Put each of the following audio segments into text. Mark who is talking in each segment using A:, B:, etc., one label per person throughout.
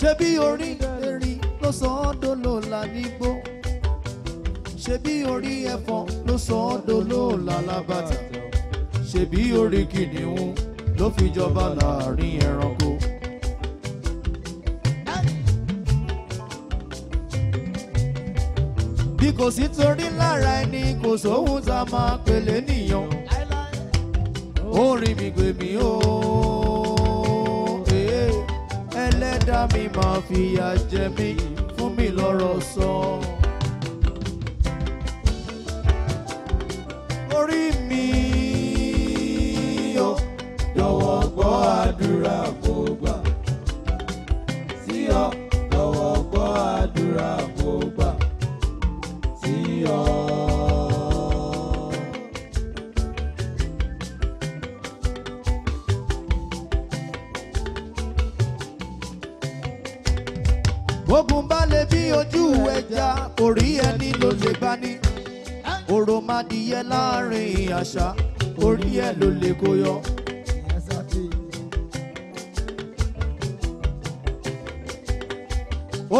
A: ṣebí orí erin ló sọ ọ́ dolóòlà nígbó ṣebí orí ẹ̀fọn ló sọ ọ́ dolóòlà lábàtà ṣebí orí kìnìún ló fi jọba láàrin ẹranko. bí kò sí torí lára ẹni kò sóhun tá a máa pèlè nìyàn ó mi gbèmí ó. mi máa fìyà jẹ mí fún mi lọ́rọ̀ sọ. orí mi
B: yóò jọ̀wọ́ gbọ́ àdúrà kó gbà.
A: ogun bá lè bí ojú ẹja orí ẹni ló lè bá ní òròmọdìyẹ láàrin àṣà orí ẹ ló lè kó yọ.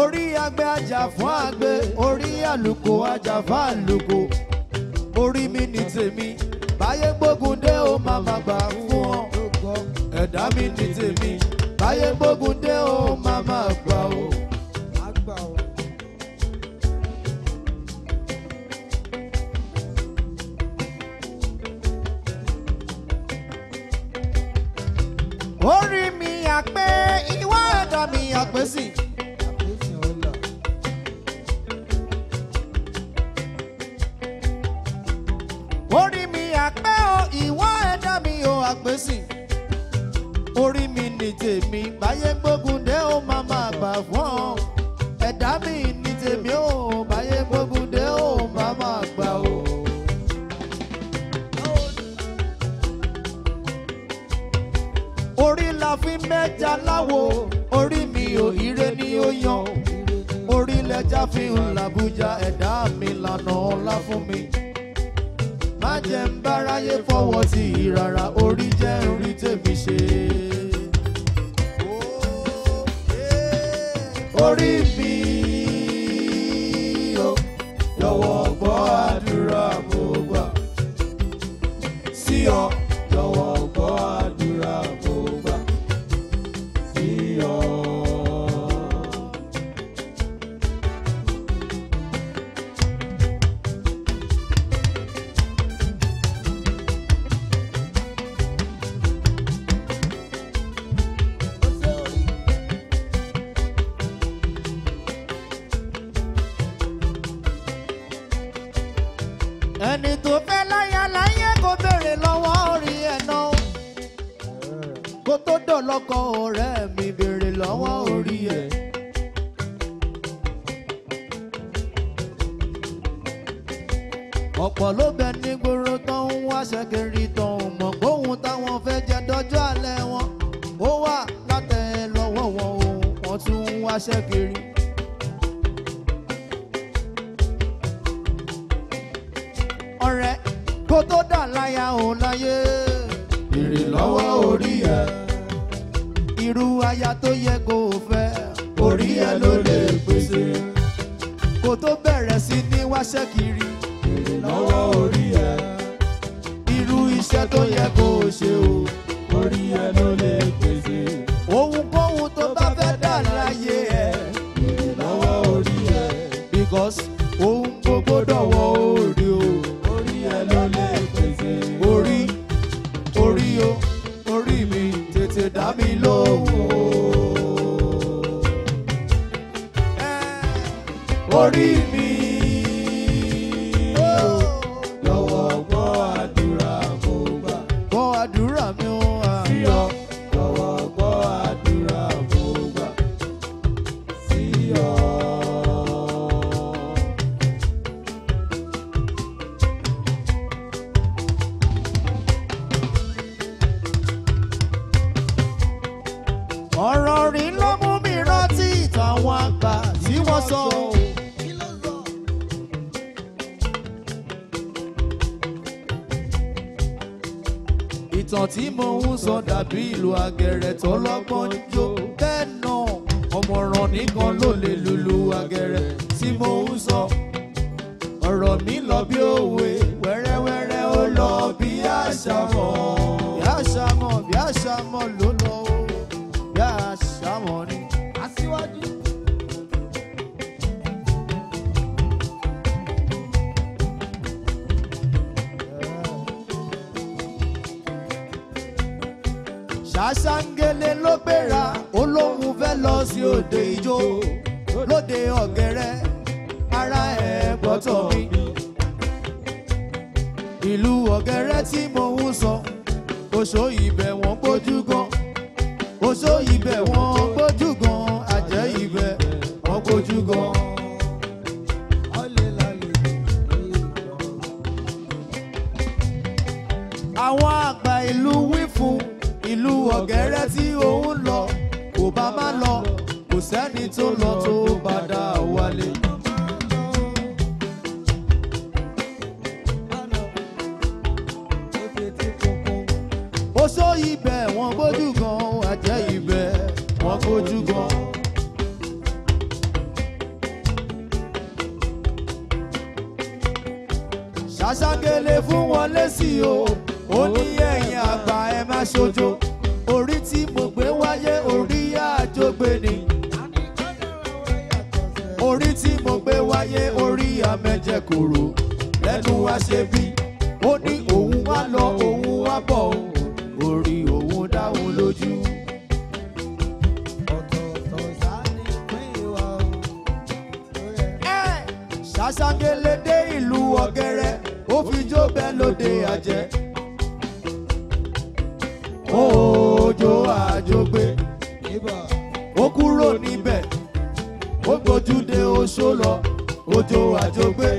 A: orí àgbẹ̀ ajá fún àgbẹ̀ orí àlùkò ajá fún àlùkò orí mi ní tèmi báyé gbógun dé ó máa máa gbà fún ọ ẹ̀dá mi ní tèmi báyé gbógun. sìn orí mi ní tèmi báyé gbógun dé ó máa máa gbà fún ọ ẹ̀dá mi ní tèmi ó báyé gbógun dé ó máa máa gbà ó. orí la fi mẹ́ja láwo orí mi ò ire ni ó yan orí lẹ́ja fi hàn làbújá ẹ̀dá mi lànà ọlá fún mi jẹ́ ń báráyé fọwọ́ sí i rárá orí jẹ́ ń rí tèmi ṣe. orí irú aya tó yẹ kó o fẹ́ orí ẹ ló lè pèsè kó tó bẹ̀rẹ̀ sí ní wáṣẹ́ kiri èrè
B: lọ́wọ́ orí ẹ irú iṣẹ́ tó yẹ kó o ṣe o orí ẹ ló lè pèsè
A: ohunkóhun tó bá sọ o. ìtàn tí mo ń sọ dàbí ìlú àgẹ̀rẹ̀ tó lọ́gbọ́n jó bẹ́ẹ̀ náà ọ̀mọ̀ràn nìkan ló lè lùlù àgẹ̀rẹ̀ tí mo ń sọ ọ̀rọ̀ mi lọ bí òwe. lọ sí òde ijó lóde ọ̀gẹ̀rẹ̀ ara ẹ̀ gbọ́tọ̀ mi ìlú ọ̀gẹ̀rẹ̀ tí mo ń sọ oṣó ibẹ̀ wọ́n gbójú gan oṣó ibẹ̀ wọ́n gbójú gan àjẹ́ ibẹ̀ wọ́n gbójú gan. àwọn àgbà ìlú wí fún ìlú ọ̀gẹ̀rẹ̀ tí òun lọ bá má lọ kò sẹ́ni tó lọ tó padà wálé. oṣó ibẹ̀ wọ́n gbójú gan àjẹ́ ibẹ̀ wọ́n gbójú gan. ṣàṣàkélé fún wọn lésì o ó ní ẹ̀yìn àgbà ẹ má ṣojo. jẹ koro lẹ́nu wá ṣe bí ó ní òun wá lọ òun wá bọ̀ orí òun dáhùn lójú. sàṣàgélé dé ìlú ọ̀gẹ́rẹ́ ó fi jó bẹ́ẹ̀ lóde àjẹ́ òjò àjọgbé ó kúrò níbẹ̀ ó gbójú
B: dé oṣó lọ òjò àjọgbé.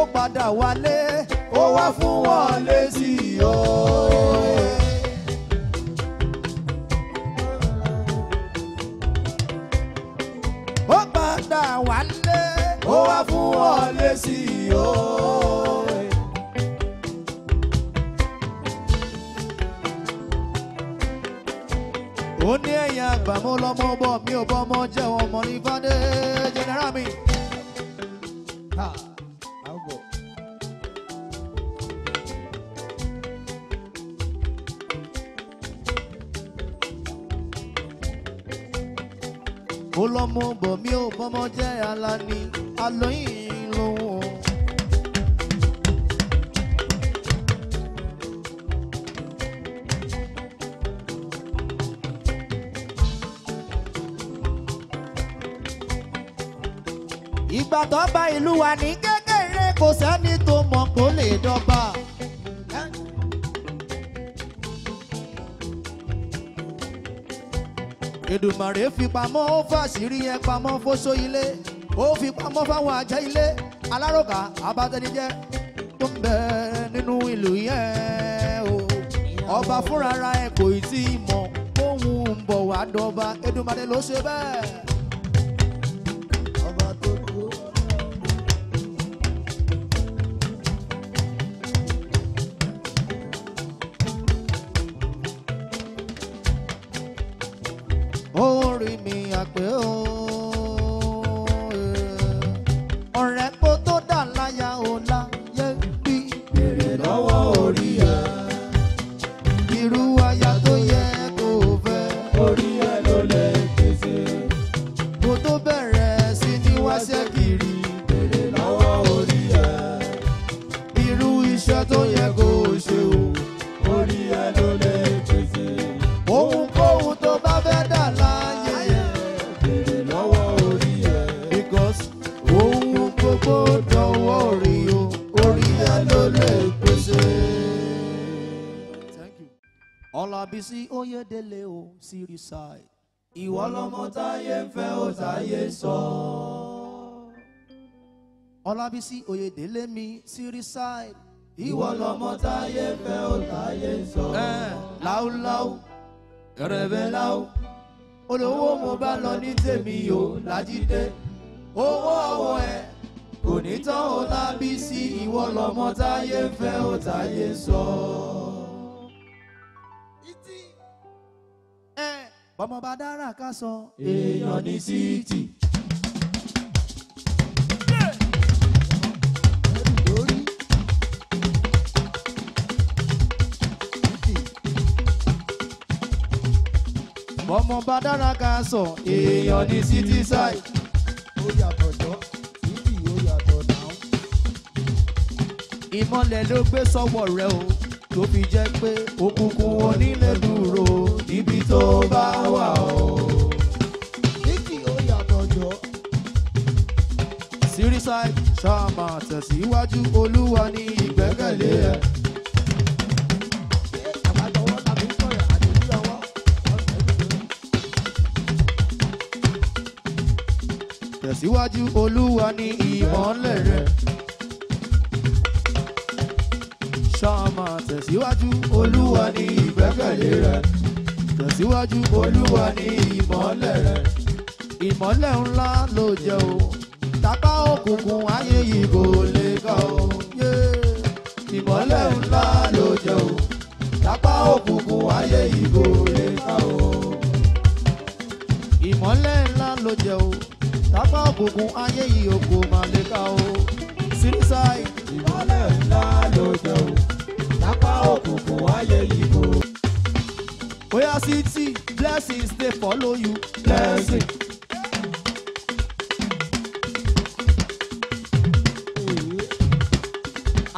A: ó padà wálé
B: ó wá fún wọn lésì ooo. ó
A: padà wálé ó wá fún wọn lésì ooo. ó ní ẹ̀yìn àgbà mo lọ́mọ bọ̀ mi ò bọ́mọ jẹ́ ọmọ ní fàdé jẹnẹrà mi. mo lọ́mọ bọ̀ mi ò bọ́mọ jẹ́ Alani lo. lòun. ìgbà tó bá ìlú wa ní kékeré kò sẹ́ni tó mọ̀ kó lè dọ́gba. Èdùmàrè fi pamọ́ ó fàṣírí yẹn pamọ́ fóṣó ilé ó fi pamọ́ fáwọn ajá ilé alárògà abatẹnijẹ tó ń bẹ nínú ìlú yẹn o ọba fúnra ẹ̀ kò tí ì mọ̀ kóhun ń bọ̀ wá dọ́ba Èdùmàrè ló ṣe bẹ́ẹ̀. ló lè o Sírísàì ìwọ lọmọ táyé fẹ́ ó táyé sọ. Ọlábísí Oyèdélé mi Sírísàì ìwọ lọmọ táyé fẹ́ ó táyé sọ. láúláú rẹ̀bẹ̀láú olówó mo bá lọ ní tèmi o Lájídé owó ọwọ́ ẹ̀ kò ní tán ó lábí sí ìwọ lọ́mọ táyé ń fẹ́ ó táyé sọ. bọ́mọ bá dára ká sọ
B: èèyàn ní síìtì.
A: ọmọ bá dára ká sọ èèyàn ní city side. ìmọ́lẹ̀ ló gbé sọ́wọ́ rẹ o tó fi jẹ́ pé òkùnkùn onílé dúró
B: ibi tó bá wà o. níkì ó yàtọ̀
A: jọ. Seriside ṣáàmà tẹ̀síwájú olúwa ní
B: ìgbẹ́kẹ̀lé ẹ̀.
A: tẹ̀síwájú olúwa ní ìmọ́lẹ̀ rẹ̀. tẹ̀síwájú. olúwa ni ìgbẹ́kẹ̀lé rẹ. tẹ̀síwájú. olúwa ni ìmọ́lẹ̀ rẹ. ìmọ́lẹ̀ ńlá ló jẹ́ o. tábà òkùnkùn ayé yìí kò lè ká o. ìmọ́lẹ̀ ńlá ló jẹ́ o. tábà òkùnkùn ayé yìí kò lè ká o. ìmọ́lẹ̀ ńlá ló jẹ́ o. tábà òkùnkùn ayé yìí kò má lè ká o. sírísà ìmọ́lẹ̀ ńlá ló jẹ́ o apá òkùnkùn ayé yìí oya city blessings dey follow you blessing.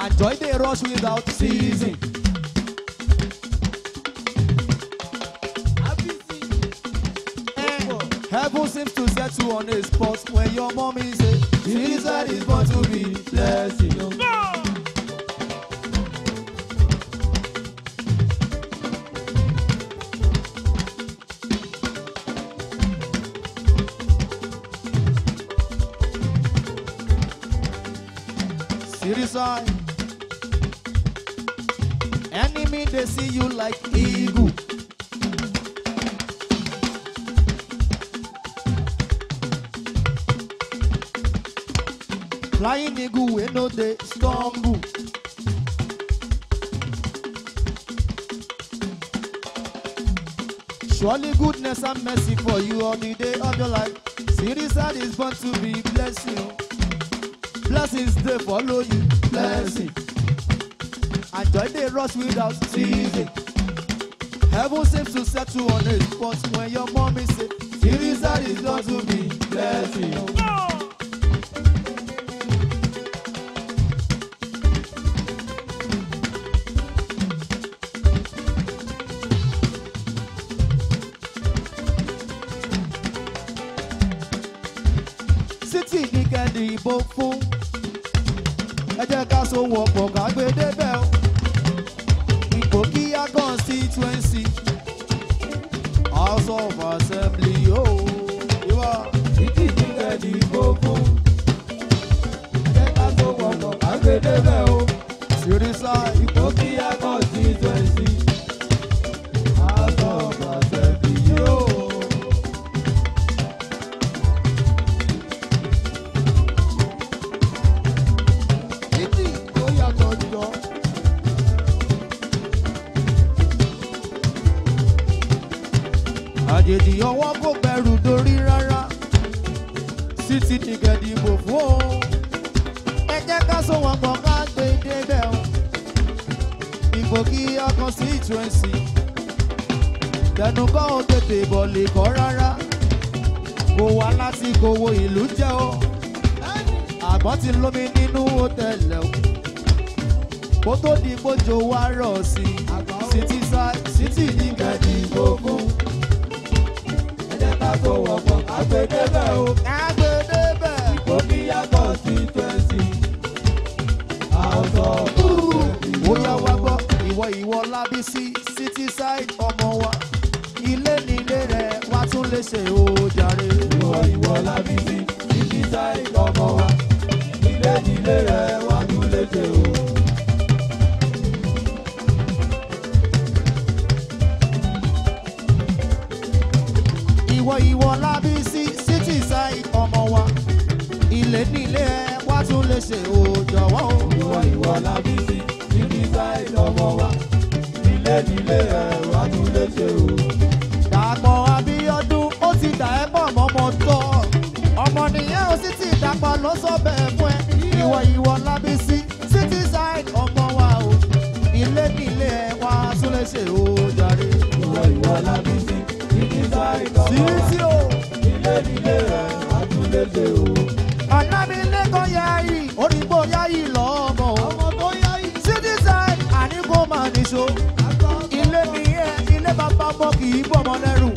A: and joy dey rush without season. Eh, heaven seems to set you on a spot when your mommy say, Jesus is born to be blessed. they see you like eagle. Flying eagle, we know they stumble. Surely goodness and mercy for you all the day of your life. Sirisa is born to be blessing. Blessings they follow you. Blessing and joy dey rush without season. Heaven seems to settle on it, but when your mommy say, Teresa is that is going to be blessing. Oh. City ni kẹ́ndì ìbò fún. Ẹ jẹ́ ká so wọ́pọ̀ ká gbé débẹ̀. constituency house of assembly ó ìwà ìdíje kójó wá rọ̀ sí sítì yínká di gbogbo
B: ẹ jẹ́ ká tó wọ̀pọ̀ àgbẹ̀dẹ́bẹ̀ o
A: àgbẹ̀dẹ́bẹ̀
B: ìkó kí yàtọ̀ sí twenty àwùjọ
A: ó yá wá gbọ́ ìwọ ìwọ lábísí city side ọmọ wa ilé nílé rẹ̀ wá tún lè ṣe o jàre. ìwọ
B: ìwọ lábísí city side ọmọ wa ilé nílé rẹ̀ wá tún lè ṣe o.
A: ọkọ̀ ìwọ lábísí city side ọmọ wa ilé nílé ẹ wá tún lè ṣe o jọ̀wọ́ o. ìwọ ìwọ lábísí
B: city side ọmọ wa ilé nílé ẹ wá tún lè ṣe o.
A: Dàpọ̀ Abíọ́dún ó ti dà ẹ́ pọ̀ mọ́mọ́ tọ́ ọmọ nìyẹn ó sì ti dàpọ̀ ló sọ bẹ́ẹ̀ fún ẹ ìwọ ìwọ lábísí city side ọmọ wa o ilé nílé ẹ wá tún lè ṣe o.
B: ìrísí o. ilé nílé rẹ̀ àtúndéde o.
A: ànábì lẹ́kọ̀ọ́ yá yìí orígbó yá yìí lọ́mọ. ọmọ tó yá yìí. citizen àníkó máa níṣó. ilé mi yẹ ilé bàbá mọ́ kì í bọ́mọ lẹ́rù.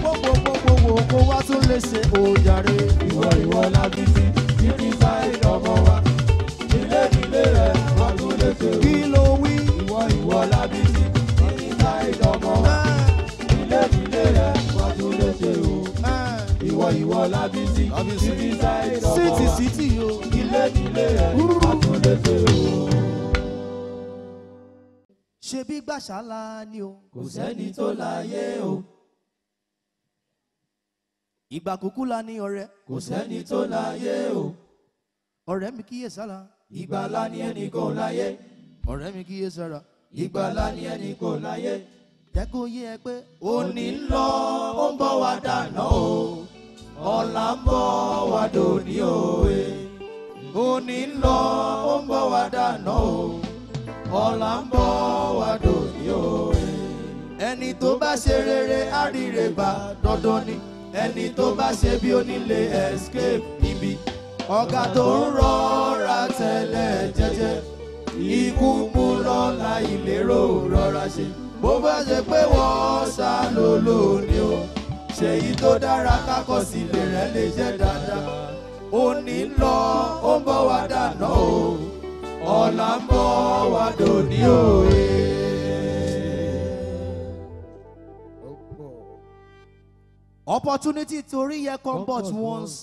A: gbogbo gbogbo wo kó wá tún lè ṣe òjàre. ìwọ ìwọ
B: lábí sí. ọmọ lábísí títí sáyé ọmọ wa síìtì ilé nílé ẹ àtúndéṣe o.
A: ṣebí gbàṣálá ni o.
B: kò sẹ́ni tó láyé
A: o. ìgbà kúkú la ní ọ̀rẹ́. kò sẹ́ni tó láyé o. ọ̀rẹ́ mi kíyè sára. ìgbàlá ni ẹnì kò láyé. ọ̀rẹ́ mi kíyè sára. ìgbàlá ni ẹnì kò láyé jẹ́ kó yé ẹ pé. òní ń lọ ó ń bọ̀ wá dáná o ọ̀la ń bọ̀ wá
B: dòní òwe
A: òní ń lọ ó ń bọ̀ wá dáná o ọ̀la ń bọ̀ wá dòní òwe ẹni tó bá ṣe rere á rí dandan ni ẹni tó bá ṣe bí ó escape ibi ọ̀gá tó ń rọra tẹ̀lé jẹ́jẹ́ ikú mú lọ́la ìlérò rọra ṣe bó bá ṣe pé wọ́n ṣá
B: lò lónìí o ṣèyí tó dára kákọ sílẹ̀ rẹ̀ lè jẹ́ dáadáa ó ní lọ ó ń bọ̀ wá dáná o ọ̀la ń bọ̀ wá dòní òye.
A: opportunity torí yẹ come but once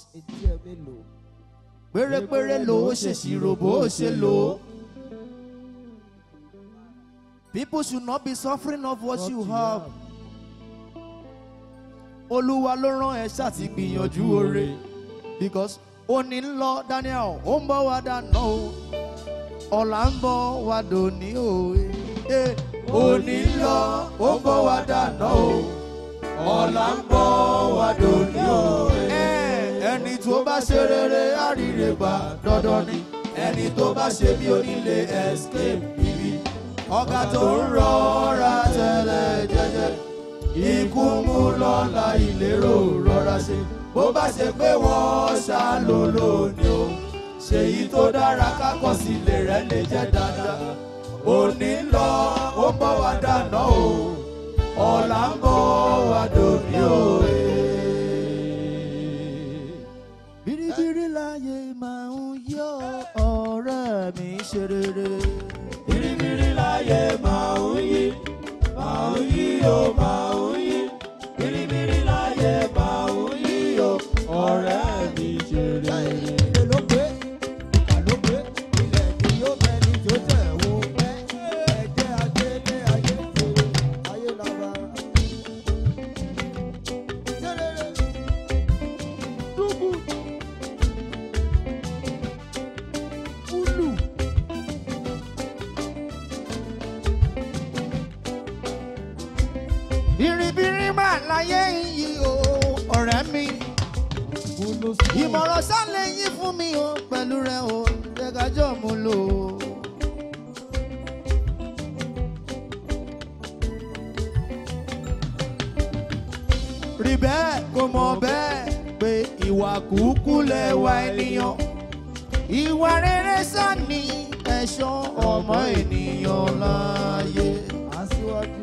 A: pérépéré ló ṣèṣì ròbó ṣe lò ó. People should not be suffering of what, you, have olúwa ló rán ẹ ṣáàtì gbìyànjú oore because ó ní ń lọ Daniel ó ń bọ̀ wá dáná o ọ̀la ń bọ̀ wá dòní o ó ní ń lọ ó ń bọ̀ wá dáná o ọ̀la ń bọ̀ wá dòní o ẹni tó bá ṣe rere á gbà dandan ni ẹni tó bá ṣe bí onílé escape bíbí ọ̀gá tó ń rọra tẹ́lẹ̀ jẹ́jẹ́ ikú mú lọ́la ìlérò rọra ṣe bó bá ṣe pé wọ́n ṣá lò lónìí o ṣèyí tó dára kákọ́ sílé rẹ̀ lè jẹ́ dáadáa
B: òní lọ ó bọ̀ wá dáná o ọ̀la ń bọ̀ wá dòní òye.
A: bìrìbìrì láyé máa ń yọ ọ̀rẹ́ mi ṣe rere. rí bẹ́ẹ̀ kó mọ bẹ́ẹ̀ pé ìwà kúkú lẹ́wà ènìyàn ìwà rere sani ẹ̀ṣọ́ ọmọ ènìyàn láàyè. aṣíwájú.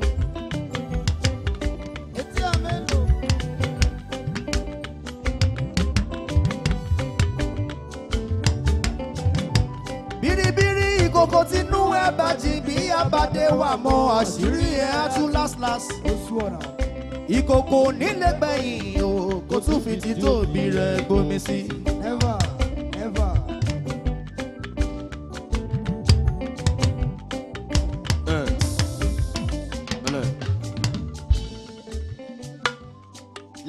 A: tí inú ẹ bá jì bí abàdé wà mọ́ àṣírí ẹ á tú lásìlásì. oṣù ọ̀ràn ìkòkò nílé gbẹ̀yìn o kò tún fi ti tóbi rẹ̀ gbomi sí. Never, never.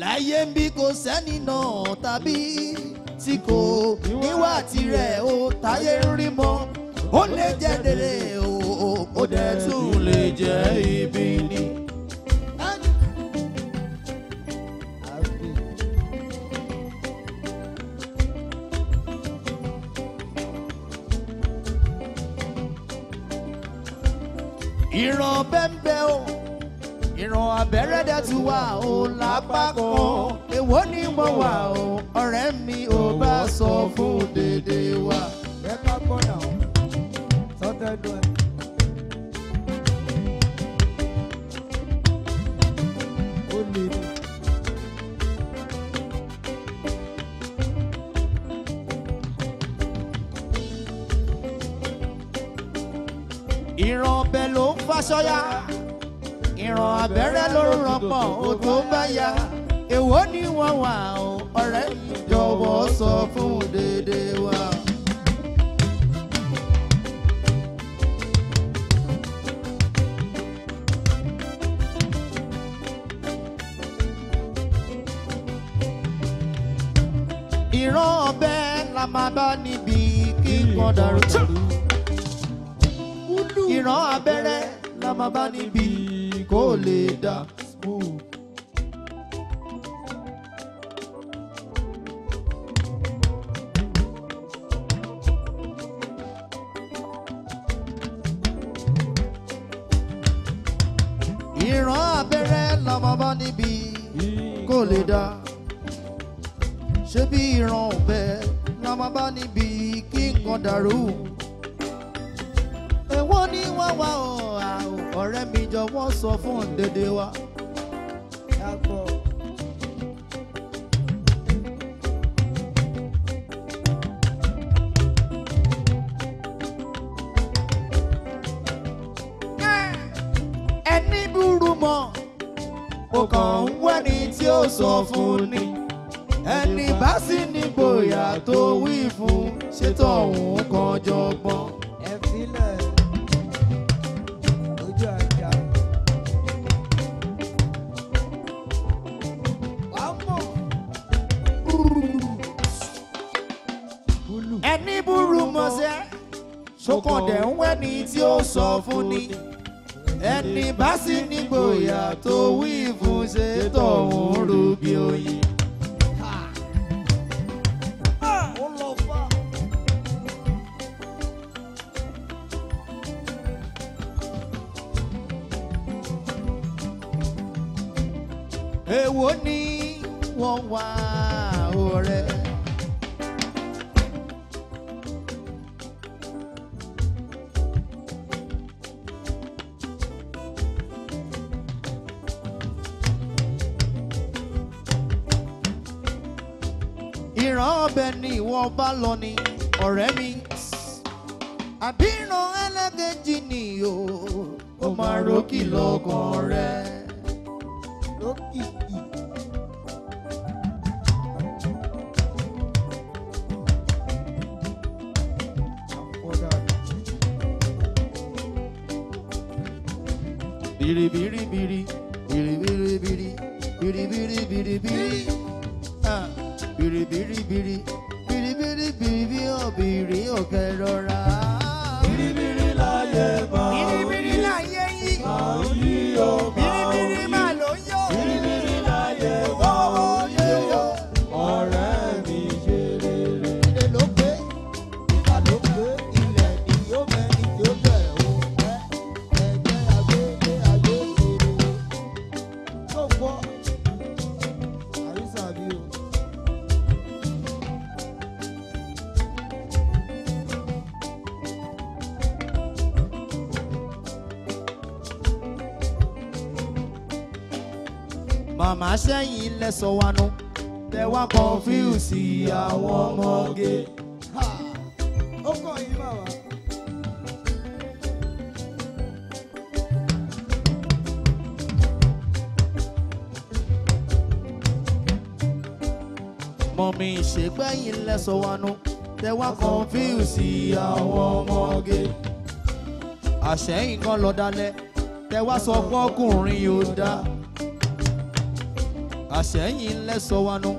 A: láyé ń bí kò sẹ́ni náà tàbí tí kò níwà tirẹ̀ o táyé ń rí mọ́ ó lè jẹ́ dèrè o ó dẹ̀ tún lè jẹ́ ibi ni. ìran bẹ́ńbẹ́ o ìran abẹ́rẹ́ dẹ̀ tún wà o lápá kan èwo ni mo wà o ọ̀rẹ́ mi ò bá sọ fún dédé wa. ẹ ká gbọ́ náà sọ́tẹ́dùn ẹ̀. ó lè rí. ìran ọbẹ̀ ló ń Fáṣọyá ìràn abẹ́rẹ́ ló ràn pọ̀ ó tó bá yá èwo ni wọ́n wà ó ọ̀rẹ́ jọ̀wọ́ sọ fún dédé wa. ìran ọ̀bẹ la máa bá níbi kíkan dàrú ìran abẹ́rẹ́ máa bá níbi kó lè dáa. mo kàn ń wẹ́ni tí ó sọ fún ni ẹni bá sì ní gbòyà tó wí fún ṣètò ọ̀hún kan jọgbọ́n. ẹ filẹ̀
B: ojú àjà.
A: ẹni burú mọ̀ṣẹ́ ṣókàn dẹ̀ ń wẹ́ni tí ó sọ fún ni ìbá sì ní gboyà tó wí fún ṣe tọ̀hún rúbi oyin. èwo ni wọ́n wá ọ̀rẹ́. bẹ́ẹ̀ ni ìwọ bá lọ ni ọ̀rẹ́ mi àbíràn ẹlẹ́gẹ̀jì ni o ó máa rókì lọ́kàn rẹ̀ rókì. fẹ́ sọ wa nu tẹ wá confuse àwọn ọmọge.
B: ó kàn yín bàbá.
A: mọ̀mí ìṣègbẹ́yìn lẹ́sọ̀ wa nu tẹ wá confuse àwọn ọmọge. àṣẹyìn kan lọ dalẹ̀ tẹ wá sọ pé ọkùnrin yóò dáa àṣẹ̀yìn lẹ́sọ̀ wa nu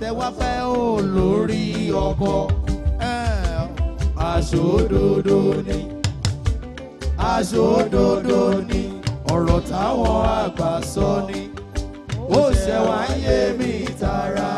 A: tẹ wá fẹ́ ò lórí ọkọ àṣòdodo ni àṣòdodo ni ọ̀rọ̀ táwọn àgbà sọ ni
B: ó ṣẹ̀wá ń yé mi
A: tààrà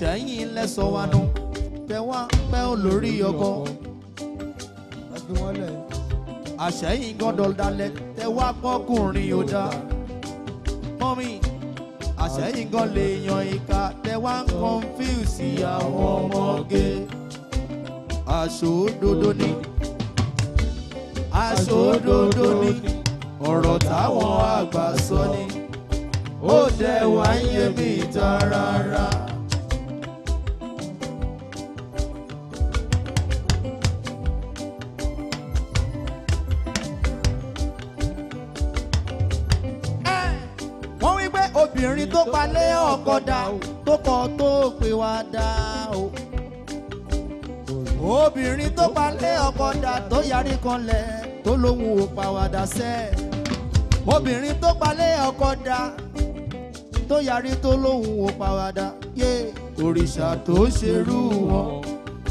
A: ṣẹ́yìn lẹ́sọ̀ wa nu tẹ́ wá pẹ́ olórí ọkọ. àṣẹ́yìn gbọ́dọ̀ dalẹ̀ tẹ́ wá gbọ́kùnrin ò dá. mọ́mí àṣẹ́yìn gan lè yan ìka tẹ́ wá ń confuse àwọn ọmọge. àṣòdodo ni àṣòdodo ni ọ̀rọ̀ táwọn àgbà sọ ni ó dẹ̀ wáyé mi tán tó palẹ̀ ọkọ tó kọ tó pè wá dà o. obìnrin tó palẹ̀ ọkọ dà tó yarí kanlẹ̀ tó lóun ò pàwàdà sẹ́. obìnrin tó palẹ̀ ọkọ dà tó yarí tó lóun ò pàwàdà yé òrìṣà tó ṣerú wọn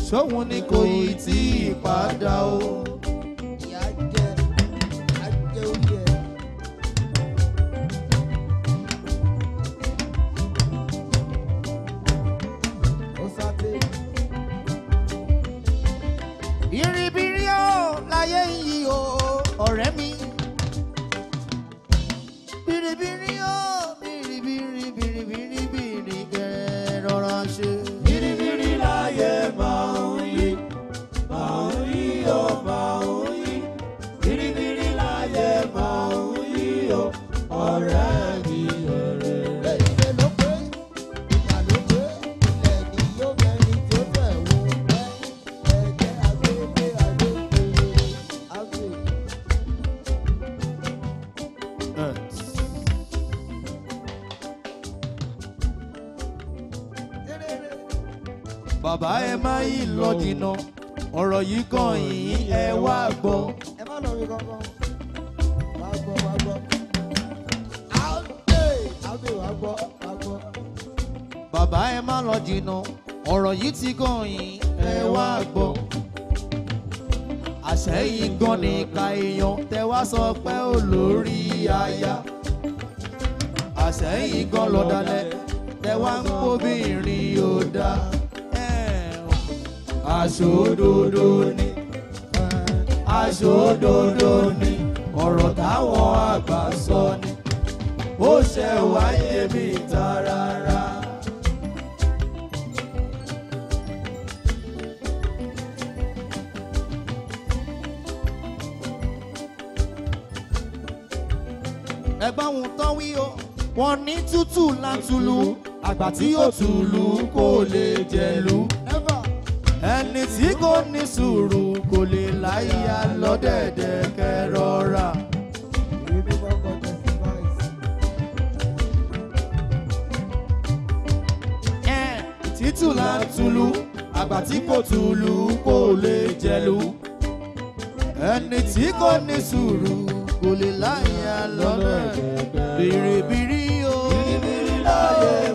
A: sóhun ni kò yìí tí ì padà o. bàbá ẹ má yí lọ jìnnà ọ̀rọ̀ yìí kàn yín ẹ wá gbọ́. ẹ má lọ rí kankan bàbá ẹ má lọ jìnnà ọ̀rọ̀ yìí ti kàn yín ẹ wá gbọ́. àṣẹ yìí gan ni ìka èèyàn tẹ wá sọ pé olórí aya. àṣẹ yìí gan lọ́dalẹ̀ tẹ wá ń kó bí ìrìn yóò dáa àṣòdodo ni àṣòdodo ni ọ̀rọ̀ táwọn àgbà sọ ni ó ṣe wáyé mi ta rárá. ẹgbọ́n ohun tán wí o wọ́n ní tútù látùlù àgbà tí yóò tùlù kó lè jẹ̀lú ẹni tí kò ní sùúrù kò lè láyà lọ́dẹ̀dẹ̀ kẹrọra. títù tulu àgbà tí kò tulu kò lè jẹlu ẹni tí kò ní sùúrù kò lè láyà lọ́dẹ̀dẹ̀ bìrìbìrì o bìrìbìrì láyè.